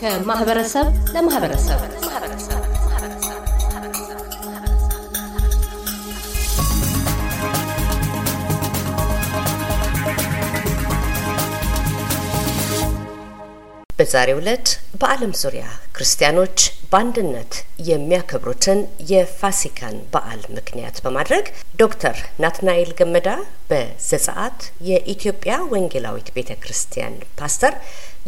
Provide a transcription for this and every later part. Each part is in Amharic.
ከማህበረሰብ ለማህበረሰብ በዛሬው ዕለት በዓለም ዙሪያ ክርስቲያኖች በአንድነት የሚያከብሩትን የፋሲካን በዓል ምክንያት በማድረግ ዶክተር ናትናኤል ገመዳ በዘጸአት የኢትዮጵያ ወንጌላዊት ቤተ ክርስቲያን ፓስተር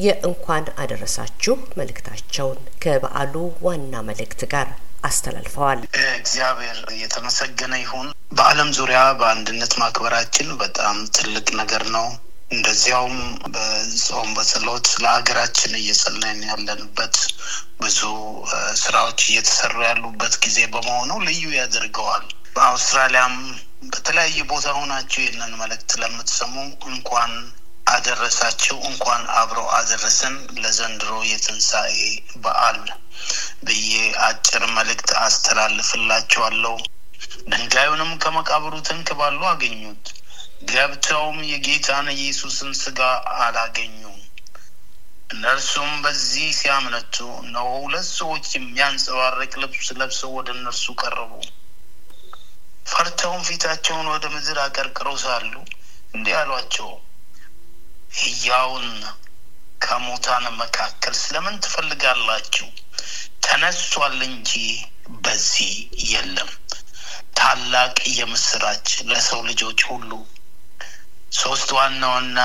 የእንኳን አደረሳችሁ መልእክታቸውን ከበዓሉ ዋና መልእክት ጋር አስተላልፈዋል። እግዚአብሔር የተመሰገነ ይሁን። በዓለም ዙሪያ በአንድነት ማክበራችን በጣም ትልቅ ነገር ነው። እንደዚያውም በጾም በጸሎት ለሀገራችን እየጸለን ያለንበት ብዙ ስራዎች እየተሰሩ ያሉበት ጊዜ በመሆኑ ልዩ ያደርገዋል። በአውስትራሊያም በተለያየ ቦታ ሆናችሁ ይህንን መልእክት ለምትሰሙ እንኳን አደረሳችሁ፣ እንኳን አብሮ አደረሰን ለዘንድሮ የትንሣኤ በዓል ብዬ አጭር መልእክት አስተላልፍላችኋለሁ። ድንጋዩንም ከመቃብሩ ተንከባሎ አገኙት። ገብተውም የጌታን ኢየሱስን ስጋ አላገኙም። እነርሱም በዚህ ሲያምነቱ እነሆ ሁለት ሰዎች የሚያንጸባርቅ ልብስ ለብሰው ወደ እነርሱ ቀረቡ። ፈርተውም ፊታቸውን ወደ ምድር አቀርቅረው ሳሉ እንዲህ አሏቸው፣ ሕያውን ከሙታን መካከል ስለምን ትፈልጋላችሁ? ተነሷል እንጂ በዚህ የለም። ታላቅ የምስራች ለሰው ልጆች ሁሉ ሶስት ዋና ዋና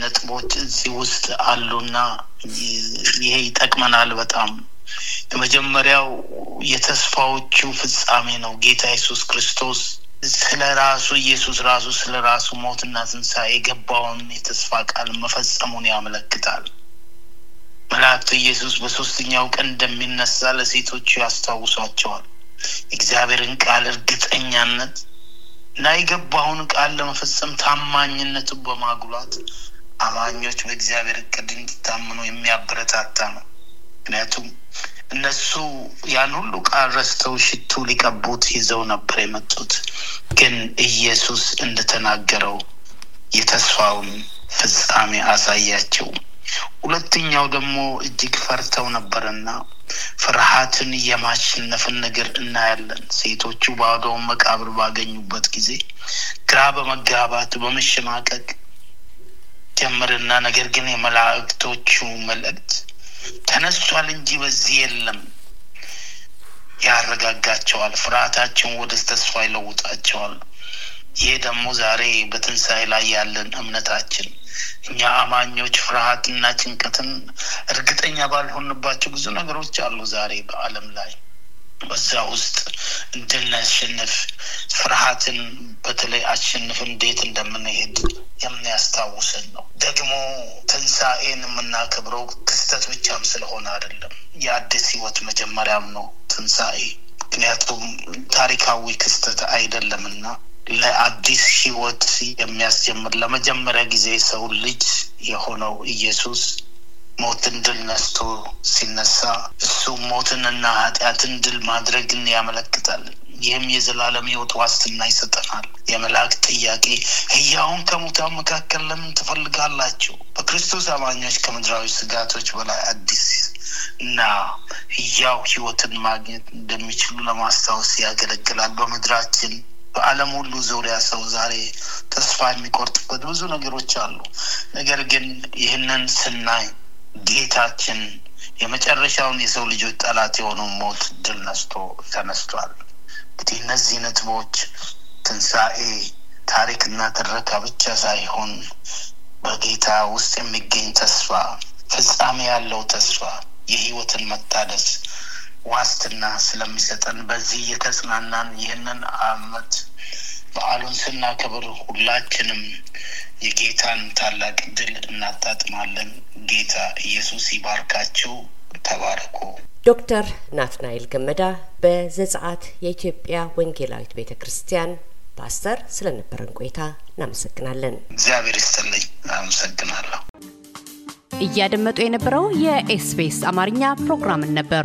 ነጥቦች እዚህ ውስጥ አሉና ይሄ ይጠቅመናል በጣም። የመጀመሪያው የተስፋዎቹ ፍጻሜ ነው። ጌታ ኢየሱስ ክርስቶስ ስለ ራሱ ኢየሱስ ራሱ ስለ ራሱ ሞትና ትንሣኤ የገባውን የተስፋ ቃል መፈጸሙን ያመለክታል። መላእክቱ ኢየሱስ በሶስተኛው ቀን እንደሚነሳ ለሴቶቹ ያስታውሷቸዋል። የእግዚአብሔርን ቃል እርግጠኛነት ላይገባውን ቃል ለመፈጸም ታማኝነትን በማጉላት አማኞች በእግዚአብሔር እቅድ እንዲታምኑ የሚያበረታታ ነው። ምክንያቱም እነሱ ያን ሁሉ ቃል ረስተው ሽቱ ሊቀቡት ይዘው ነበር የመጡት። ግን ኢየሱስ እንደተናገረው የተስፋውን ፍጻሜ አሳያቸው። ሁለተኛው ደግሞ እጅግ ፈርተው ነበርና ፍርሃትን የማሸነፍን ነገር እናያለን። ሴቶቹ ባዶውን መቃብር ባገኙበት ጊዜ ግራ በመጋባት በመሸማቀቅ ጀምርና ነገር ግን የመላእክቶቹ መልእክት ተነሷል እንጂ በዚህ የለም ያረጋጋቸዋል። ፍርሃታቸውን ወደ ተስፋ ይለውጣቸዋል። ይህ ደግሞ ዛሬ በትንሣኤ ላይ ያለን እምነታችን እኛ አማኞች ፍርሃትና ጭንቀትን እርግጠኛ ባልሆንባቸው ብዙ ነገሮች አሉ ዛሬ በአለም ላይ። በዛ ውስጥ እንድናሸንፍ ፍርሃትን በተለይ አሸንፍ እንዴት እንደምንሄድ የሚያስታውሰን ነው። ደግሞ ትንሣኤን የምናከብረው ክስተት ብቻም ስለሆነ አይደለም፣ የአዲስ ህይወት መጀመሪያም ነው ትንሣኤ። ምክንያቱም ታሪካዊ ክስተት አይደለምና ለአዲስ ህይወት የሚያስጀምር ለመጀመሪያ ጊዜ ሰው ልጅ የሆነው ኢየሱስ ሞትን ድል ነስቶ ሲነሳ እሱ ሞትንና ኃጢአትን ድል ማድረግን ያመለክታል። ይህም የዘላለም ህይወት ዋስትና ይሰጠናል። የመልአክ ጥያቄ ህያውን ከሙታን መካከል ለምን ትፈልጋላችሁ? በክርስቶስ አማኞች ከምድራዊ ስጋቶች በላይ አዲስ እና ህያው ህይወትን ማግኘት እንደሚችሉ ለማስታወስ ያገለግላል። በምድራችን በዓለም ሁሉ ዙሪያ ሰው ዛሬ ተስፋ የሚቆርጥበት ብዙ ነገሮች አሉ። ነገር ግን ይህንን ስናይ ጌታችን የመጨረሻውን የሰው ልጆች ጠላት የሆነውን ሞት ድል ነስቶ ተነስቷል። እንግዲህ እነዚህ ነጥቦች ትንሣኤ ታሪክና ትረካ ብቻ ሳይሆን በጌታ ውስጥ የሚገኝ ተስፋ፣ ፍጻሜ ያለው ተስፋ፣ የህይወትን መታደስ ዋስትና ስለሚሰጠን በዚህ የተጽናናን ይህንን አመት በዓሉን ስናከብር ሁላችንም የጌታን ታላቅ ድል እናጣጥማለን። ጌታ ኢየሱስ ይባርካችሁ። ተባረኩ። ዶክተር ናትናኤል ገመዳ በዘጸአት የኢትዮጵያ ወንጌላዊት ቤተ ክርስቲያን ፓስተር ስለነበረን ቆይታ እናመሰግናለን። እግዚአብሔር ይስጥልኝ። አመሰግናለሁ። እያደመጡ የነበረው የኤስቢኤስ አማርኛ ፕሮግራምን ነበር።